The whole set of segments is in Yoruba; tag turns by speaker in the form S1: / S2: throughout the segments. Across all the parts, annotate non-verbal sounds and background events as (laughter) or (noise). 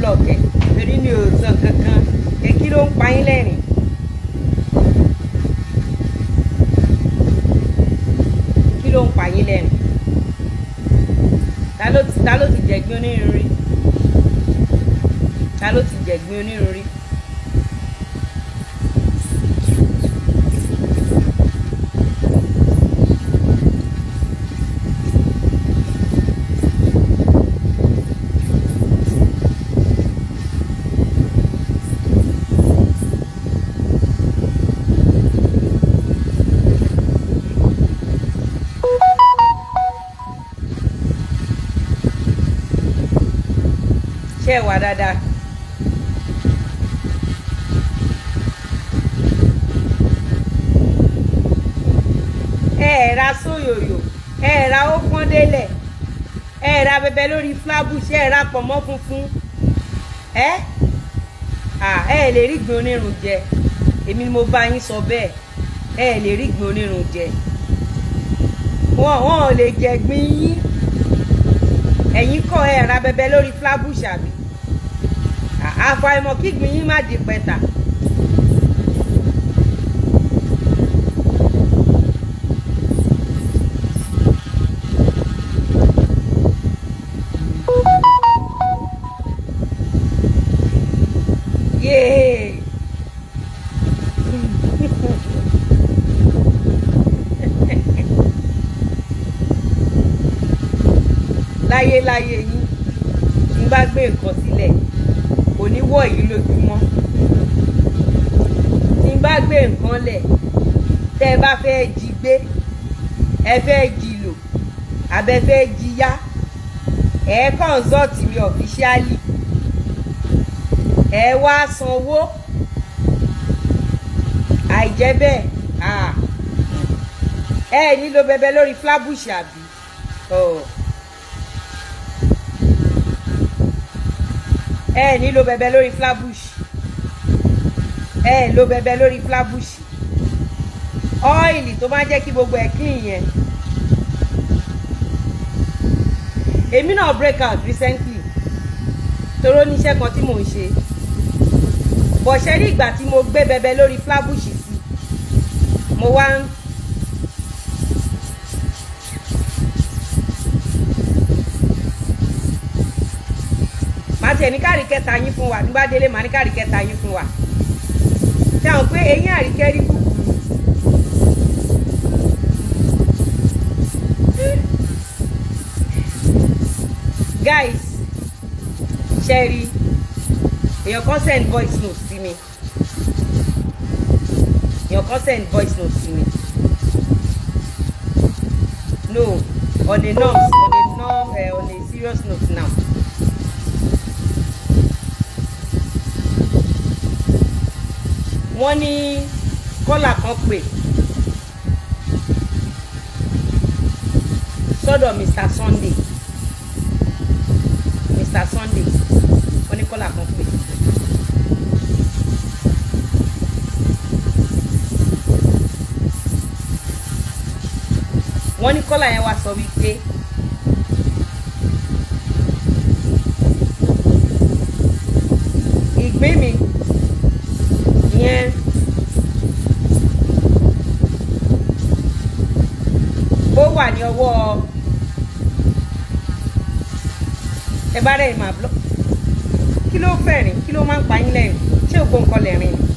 S1: block ẹ̀ torí mi ò sọ nǹkan kan ẹ kí ló ń pa yín lẹ́rìn. kí ló ń pa yín lẹ́rìn. ta ló ti jẹ̀gbín onírúurú ta ló ti jẹ̀gbín onírúurú. kẹ́ ẹ̀ wá dáadáa. ẹ ẹ̀ ra sóyòyò ẹ ra ó pọ́n délẹ̀ ẹ ra bẹbẹ lórí flabush ẹ ẹ̀ ra pọ̀mọ́ funfun ẹ ẹ ẹ̀ lè rí gbin onírun jẹ èmi ni mo bá yín sọ bẹ́ẹ̀ ẹ ẹ̀ lè rí gbin onírun jẹ wọn wọn ò lè jẹ gbin yín ẹ̀yin kọ́ ẹ ra bẹbẹ lórí flabush àbí àfàìmọ̀ kígbìn yín má di pẹ̀tà. láyéláyé (laughs) yín ń bá gbé nǹkan sílẹ̀ kò ní wọ̀ yìí lójúmọ́ tí n bá gbé nǹkan lẹ̀ tẹ́ ẹ bá fẹ́ jí gbé ẹ fẹ́ jí lò àbẹ fẹ́ jí yá ẹ consult mi officially ẹ wá sanwó àìjẹ́ bẹ́ẹ̀ ẹ ní lo bẹbẹ lórí flabush àbí. Oh. ẹ ni lo bẹ̀bẹ̀ lórí flatbush ẹ lo bẹ̀bẹ̀ lórí flatbush ọ́ìlì tó máa jẹ́ kí gbogbo ẹ̀ clean yẹn èmi náà break out recently toró níṣẹ́ kan tí mò ń ṣe bọ̀ṣẹ́ ní ìgbà tí mo gbé bẹ̀bẹ̀ lórí flatbush sí mo wá màá tiẹ̀ kẹta yín fún wa nígbà délé màá ní káàrí kẹta yín fún wa ṣe àwọn pé eyín àríkẹ́ rí kú. guys Sherry, your kan voice no sí mi Your kan voice no sí mi no on a norms on a norm uh, eh, on a serious note now. wọ́n ní kọ́là kan pè sọ́dọ̀ Mr Sunday Mr Sunday wọ́n ní kọ́là kan pè. wọ́n ní kọ́là yẹn wá sọ wípé. tẹ bá rẹ̀ máa blọ́ kí ló fẹ́ rìn kí ló máa ń pa yín lẹ́rìn ṣé ògbó nǹkan lẹ̀ rìn ni.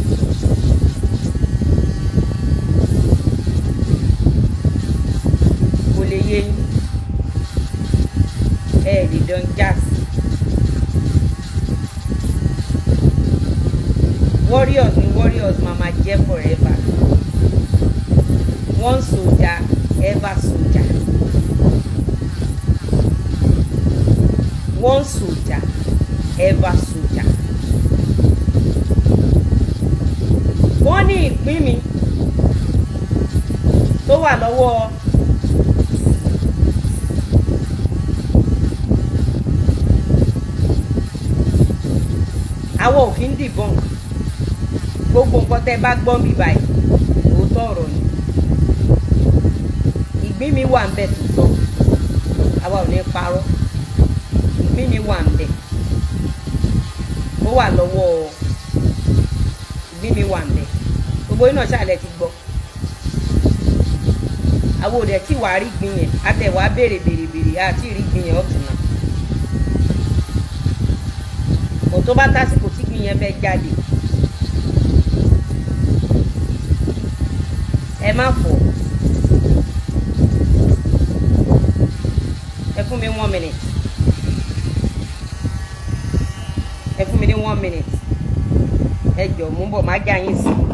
S1: lọ́wọ́ àwa ò kí ń dìbọn gbogbo nǹkan tẹ́ bá gbọ́ mi báyìí òótọ́ ọ̀rọ̀ ni ìgbín mi wà ń bẹ tuntun àwa ò ní parọ́ ìgbín mi wà ń bẹ ó wà lọ́wọ́ ìgbín mi wà ń gbogbo iná ṣàlẹ̀ ti gbọ́ àwọn òde tí wàá rí gbin yẹn àtẹwàá béèrè béèrè béèrè àti rí gbin yẹn ọ̀tún náà kò tó bá tásìkò tí gbin yẹn fẹ́ jáde ẹ má fọ̀ ẹ fún mi one minute ẹ fún mi ní one minute ẹ jọ̀ mú bọ̀ má já yín sí i.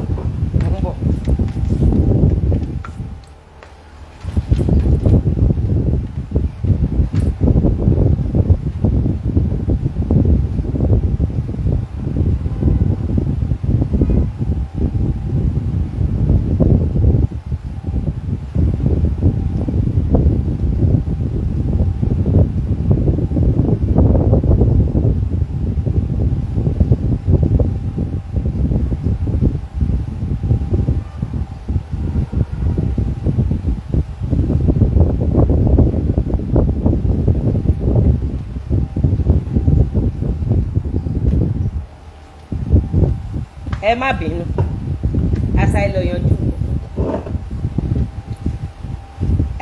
S1: ẹ má bínú àṣà ìlọ yanjú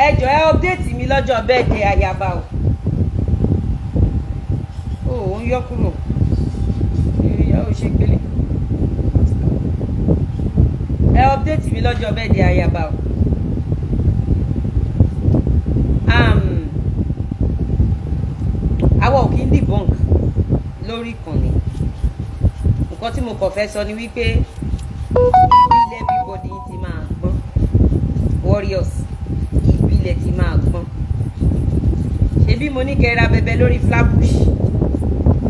S1: ẹ ẹ update mi lọ́jọ́ birthday ayaba o òun yọ kúrò ìyàwó ṣe gbélé ẹ update mi lọ́jọ́ birthday ayaba o. Um, àwa ò kí ń dìbọn lórí ìkànnì nǹkan tí mo kàn fẹ́ sọ ni wípé ìbílẹ̀ everybody ti máa gbọ́n warriors ìbílẹ̀ ti máa gbọ́n ṣebí mo ní kẹ́ bẹbẹ lórí flabush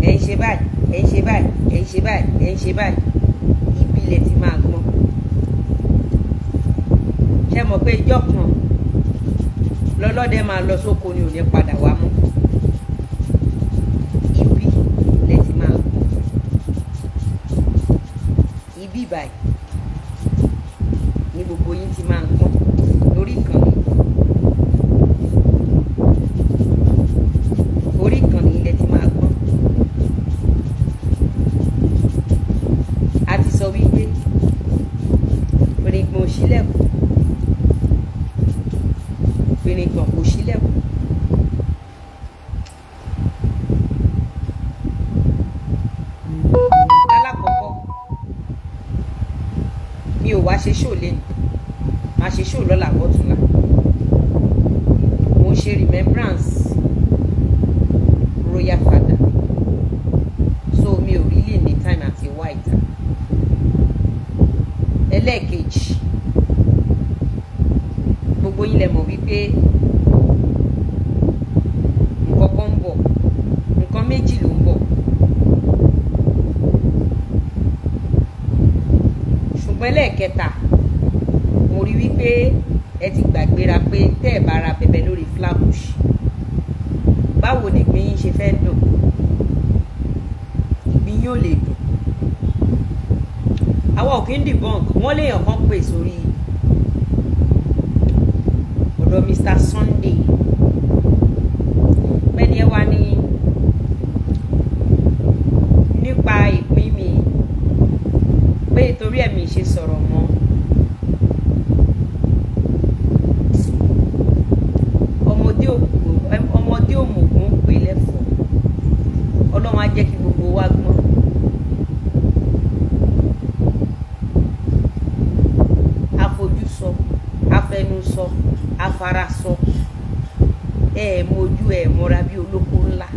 S1: ẹ̀ ń ṣe báyìí ẹ̀ ń ṣe báyìí ẹ̀ ń ṣe báyìí ẹ̀ ń ṣe báyìí ìbílẹ̀ ti máa gbọ́n ṣe mọ̀ pé ìjọ kan lọ́lọ́dẹ máa lọ sóko ni ò ní padà wá mọ́. ṣílẹ̀kùn fèrègbọ̀n kò ṣílẹ̀kùn. alákọ̀ọ́kọ́ mi ò wá ṣe ṣó lẹ́nu màá ṣe ṣó lọ́la bàrà bẹ̀bẹ̀ lórí flambush báwo ni ìgbín yín ṣe fẹ́ dùn ìgbín yóò lè dùn àwa ò kí ń debunk wọ́n léèyàn kan pè sórí ọ̀dọ̀ Mr Sunday bẹ́ẹ̀ ni ẹ wá ní nípa ìpín mi pé torí ẹ̀mí ṣe sọ̀rọ̀ mọ́ jẹ́ kí gbogbo wa gbọ́n. àfojúsọ afẹnusọ afarasọ ẹ ẹ mojú ẹ mọra bí olóko ńlá.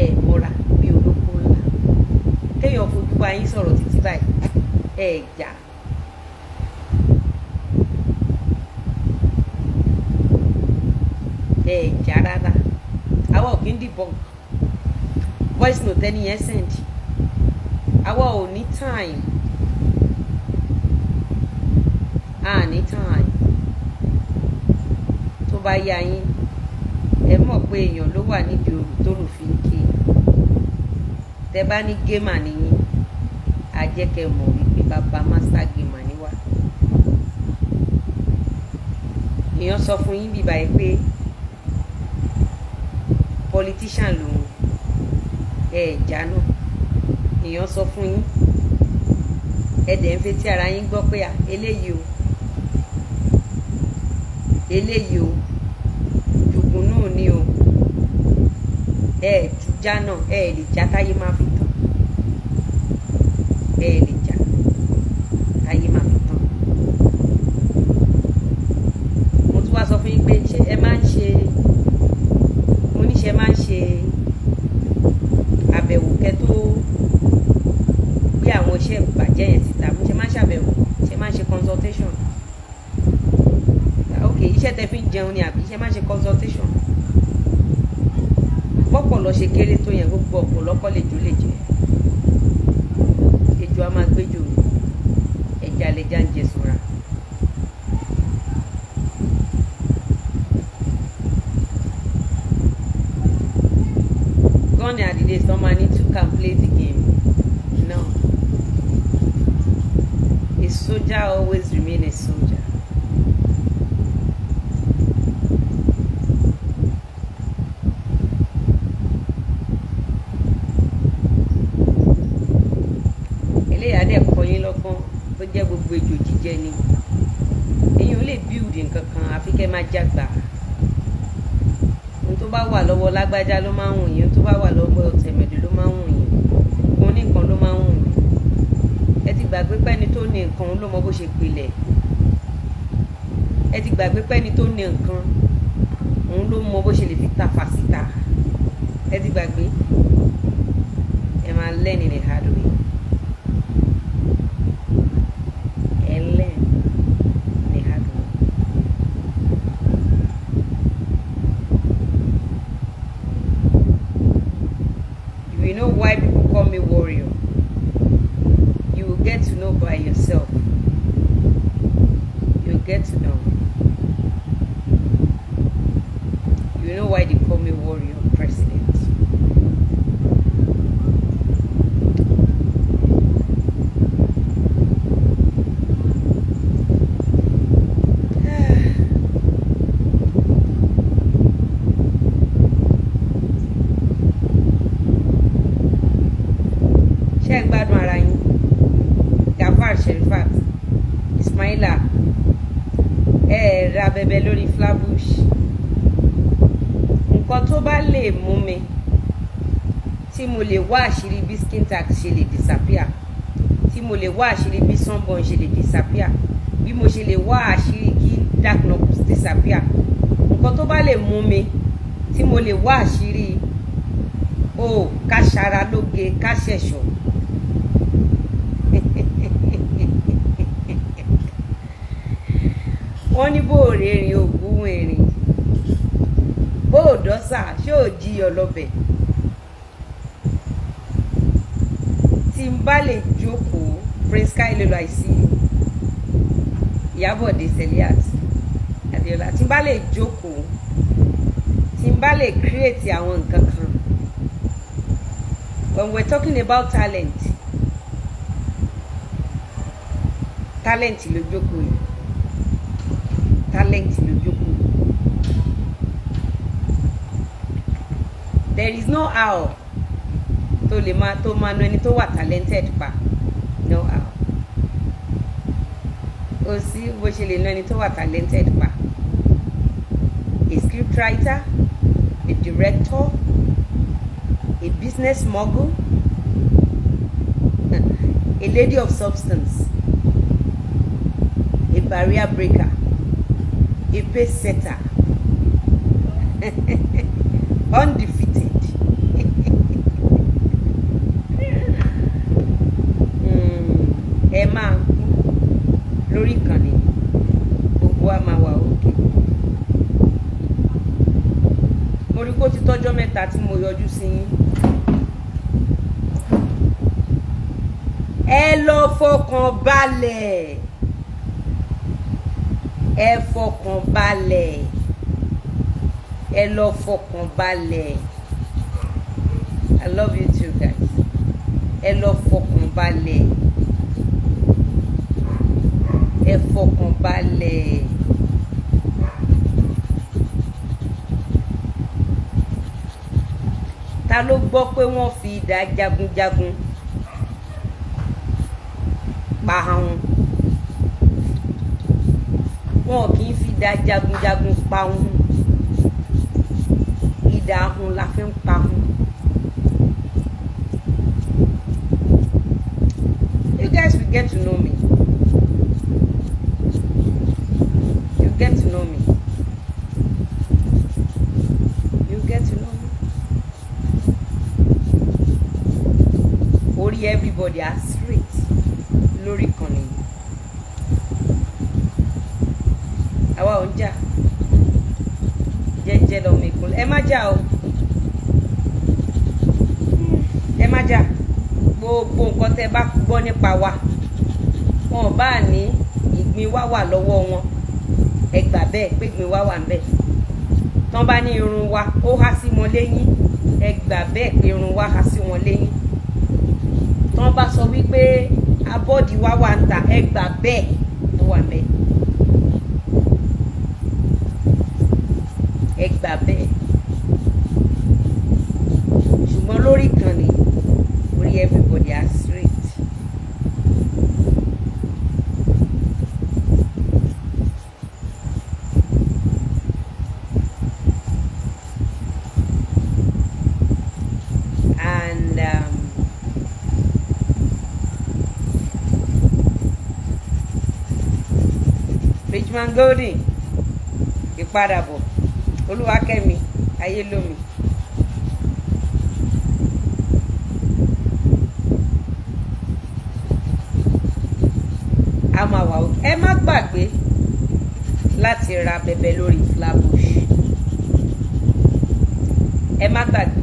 S1: ẹ ẹ mọra bí olóko ńlá. kéèyàn fojú bá yín sọ̀rọ̀ títí báyìí ẹ jà. ìjà rárá àwa ò kí ń dìbọn voice note ẹni yẹn send àwa ò ní time a ní time tó bá yá yín ẹ mọ̀ pé èèyàn ló wà níbi òrù tó rò fi ń ké tẹ bá ní gémà nìyí a jẹ́ kẹ́ mọ̀ wípé bàbá mástá gémà níwà èèyàn sọ fún yín bíbá yìí pé politician lòun ẹ ẹ̀já náà èèyàn sọ fún yín ẹ̀dẹ̀ ń fetí ara yín gbọ́ pé eléyìí o eléyìí o dùgbùn náà ni o ẹ ẹ̀ ti já náà ẹ lè já táyé máa fi tàn ẹ lè Sunday and the day someone need to come play the game. No. A soldier always remain a soldier. tó jẹ́ gbogbo ejò jíjẹ ni èyàn lè build nǹkan kan àfi kẹ́ máa jágbà ohun tó bá wà lọ́wọ́ lágbájá ló máa ń wù yín bá wà lọ́wọ́ tẹ̀mẹ̀dù ló máa ń wù yín òun ní nǹkan ló máa ń wù yín ẹ ti gbàgbé pẹ́ni tó ní nǹkan ló mọ bó ṣe pilẹ̀ ẹ ti gbàgbé pẹ́ni tó ní nǹkan òun ló mọ bó ṣe lè fi ta fàṣítà ẹ ti gbàgbé ẹ máa lẹ́ni ní hard way. abẹ̀bẹ̀ lórí flabush nǹkan tó bá lè mú mi tí mo lè wá àṣírí bí skin tag ṣe lè disappear tí mo lè wá àṣírí bí sunburn ṣe lè disappear bí mo ṣe lè wá àṣírí kí dark knuckles disappear nǹkan tó bá lè mú mi tí mo lè wá àṣírí o oh, ká ṣara lóge ká ṣẹ̀ṣọ́ wọ́n ní bó rìnrìn ògùn ìrìn bó dọ́sà ṣó jiyọ̀ lọ́bẹ̀ tí n bá lè jókòó Prinsky Lolo I see you Ìyábọ̀dé Adéọlá tí n bá lè jókòó tí n bá lè create àwọn nǹkan kan when we're talking about talent talent ló jókòó yìí talent lójókù there is no how tó lè máa tó máa nu ẹni tó wà talented pa no how ó sí bó ṣe lè nu ẹni tó wà talented pa a scriptwriter a director a business mogul (laughs) a lady of substance a barrier breaker a pace setter. (laughs) Undefeated. Hmm. Ẹ máa ń kú lórí ìkànnì gbogbo a máa wà òkè. Mo rí kó ti tọ́jọ́ mẹ́ta tí mo yọjú sí yín. Ẹ lọ ẹ fọkàn balẹ̀ ẹ lọ fọkàn balẹ̀ i love you too guys ẹ lọ fọkàn balẹ̀ ẹ fọkàn balẹ̀. ta ló gbọ́ pé wọ́n fi idà jagunjagun pa àwọn wọn kì í fi ìdá jagunjagun pa wọn ìdá la fi ń pa wá wà lọ́wọ́ wọn ẹ gbà bẹ́ẹ̀ pégbin wá wà ńbẹ̀ tán bá ní irun wa ó há sí wọn léyìn ẹ bẹ́ẹ̀ pé irun wa há sí wọn léyìn tán bá sọ wípé abọ́dì wa wà ń ta ẹ gbà bẹ́ẹ̀ tó wà bẹ́ẹ̀ ẹ bẹ́ẹ̀ ṣùgbọ́n lórí kan ni orí everybody á Usman Golden ìpadàbọ̀ Olúwakẹ́mi Ayélómi. a máa wà ó ẹ má gbàgbé láti ra bẹ̀bẹ̀ lórí Flatbush ẹ má gbàgbé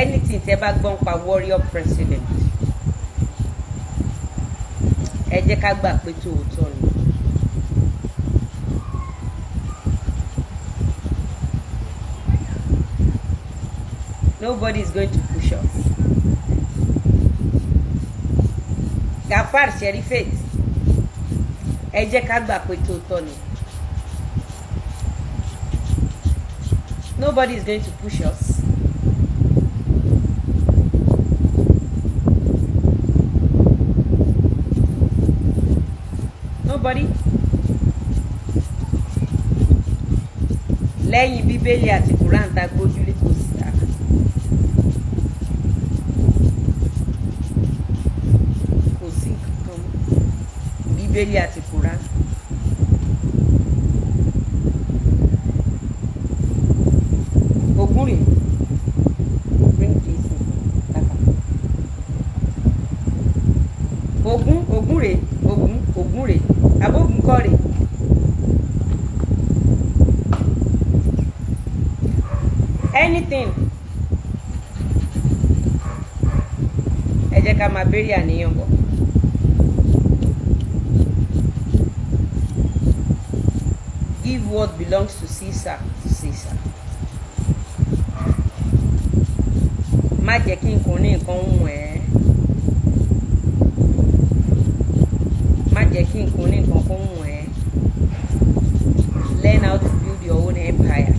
S1: anything tẹ bá gbọ́n pa warrior president ẹ jẹ́ ká gbà pé tòótọ́ ni. Nobody is going to push us. Gafar Sherifat ẹ jẹ́ ká gbà pé Nobody is going to push us. Nobody. lẹ́yìn bíbélì àti Kùránì tá gbójú bíbélì àti kùrán. ogún rèé bring this bàbá ogún ogún rèé ogún ogún rèé anything ẹ jẹ́ ká máa béèrè àníyàn bọ̀. má jẹ́ kí má jẹ́ kí kó learn how to build your own empire.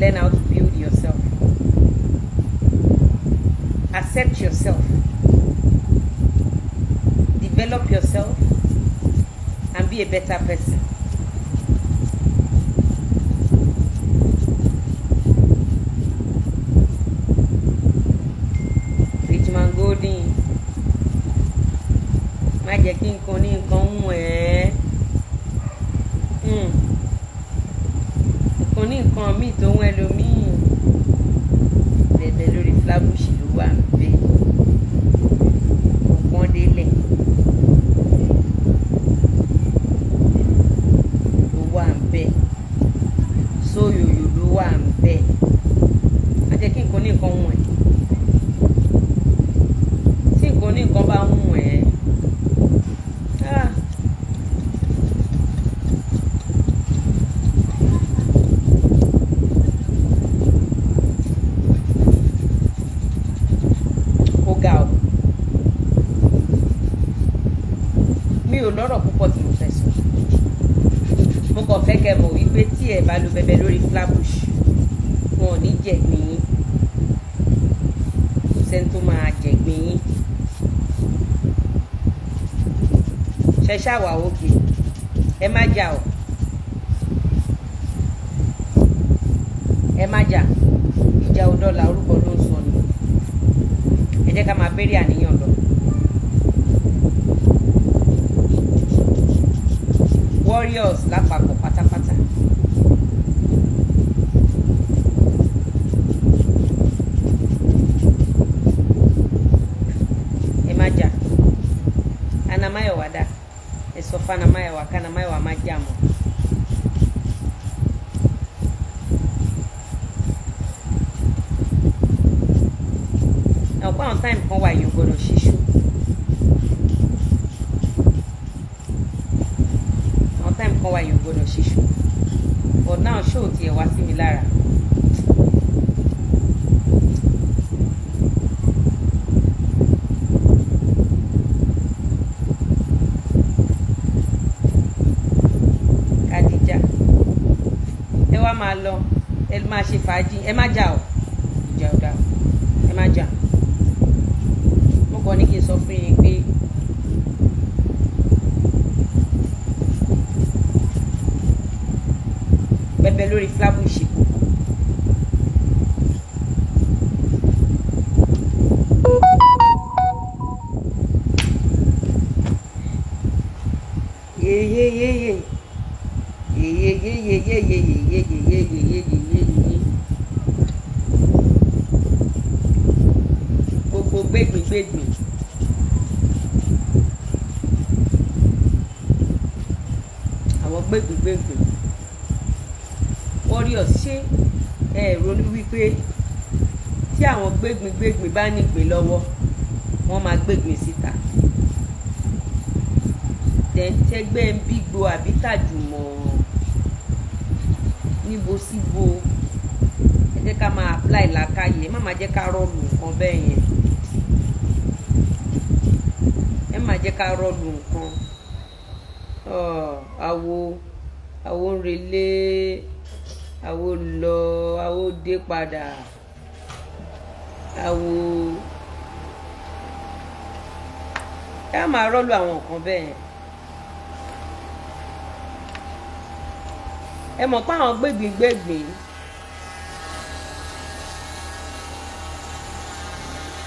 S1: Learn how to build yourself. Accept yourself. Develop yourself a better person ṣàwà òkè ẹ má jà o ẹ má jà ìjà òdọ́là orúkọ ló ń sọ ni ẹ jẹ́ ká máa bèrè àníyàn lọ. warriors lápapọ̀ wá máa lọ ẹ máa ṣe fàájì ẹ má jà o ìjà ò ẹ má jà mo kàn ní kí n sọ fún yín pé. bẹ̀bẹ̀ lórí flabushi tí àwọn gbégbingbégbin bá nígbè lọ́wọ́ wọ́n máa gbégbin síta tẹ̀ǹtẹ̀gbẹ́ ń bígbó àbí tàjùmọ̀ níbo síbo ẹ jẹ́ ká máa apply làákàyè má máa jẹ́ ká rọ́ọ̀lù nǹkan bẹ́ẹ̀ yẹn ẹ má jẹ́ ká rọ́ọ̀lù nǹkan àwo àwo ń relé àwo lọ àwo dé padà àwo ká máa rọ́lù àwọn nǹkan bẹ́ẹ̀ yẹn ẹ mọ̀ pé àwọn gbẹ̀gbìngbẹ̀gbìn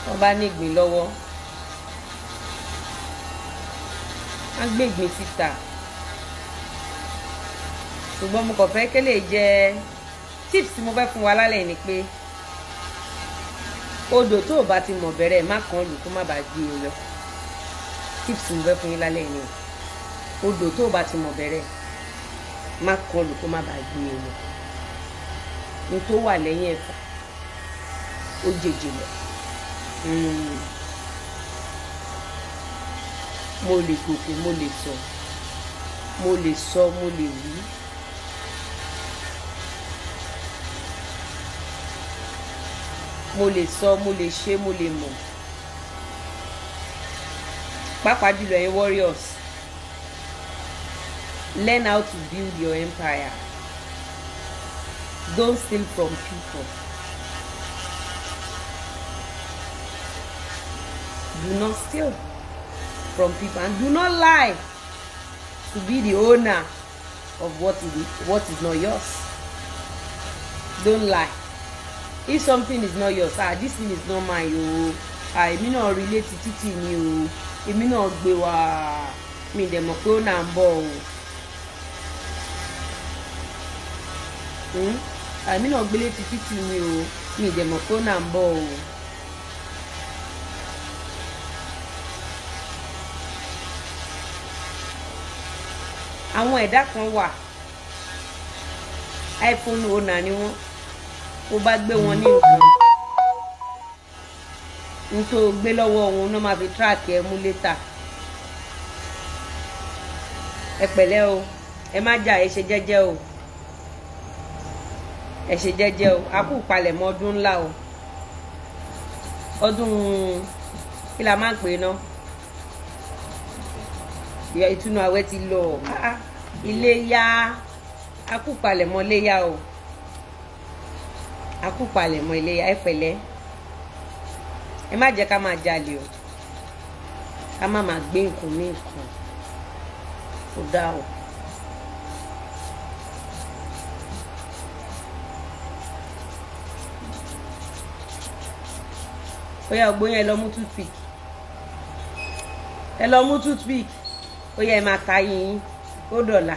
S1: wọ́n bá ní ìgbín lọ́wọ́ á gbẹ̀gbìn síta ṣùgbọ́n mo kàn fẹ́ kẹ́lẹ́ jẹ́ tips tí mo fẹ́ fún wa lálẹ́ ni pé odò tó o bá ti mọ̀ bẹ̀rẹ̀ má kàn lù kó má bàa gbé e lọ tips mo fẹ́ fún yín lálẹ́ yìí odò tó o bá ti mọ̀ bẹ̀rẹ̀ má kàn lù kó má bàa gbé e lọ ní tó wà lẹ́yìn ẹ̀fà ó jèjì lọ hmm. mo lè gòkè mo lè sọ mo lè sọ mo lè wí. mo lè sọ mo lè ṣe mo lè mọ̀ pàápàá jùlọ ẹ warriors learn how to build your empire don't steal from people do not steal from people and do not lie to be the owner of what is, what is not yours don't lie if something is not yours ah this thing is not mine o ah èmi náà relate títì ni o èmi náà gbé wá mi dẹ̀ mọ̀ pé ó náà ń bọ̀ o hmm? ah, èmi náà gbélé ti títì mi o mi dẹ̀ mọ̀ pé ó náà ń bọ̀ o. àwọn ẹ̀dá kan wà iphone owner ni wọ́n tó bá gbé wọn ní nǹkan nítorí gbé lọ́wọ́ wọn náà máa fi tíráàkì ẹ mú létà ẹ pẹ̀lẹ́ o ẹ má jà ẹ ṣe jẹ́jẹ́ o ẹ ṣe jẹ́jẹ́ o a kú palẹ̀mọ́ ọdún ńlá o ọdún kí la máa ń pè ná ìtúnu àwẹ̀ ti lọ ah, ah, ilé yá a kú palẹ̀mọ́ lé yá o àkúpalẹ̀mọ́ iléyá ẹ pẹ̀lẹ́ ẹ má jẹ́ ká máa jalè o ká má máa gbé nǹkan ní nǹkan kò dáa o. ó yá ọgbó yẹn ẹ lọ mú toothpick ẹ lọ mú toothpick ó yá ẹ máa ta yín ó dọ̀la.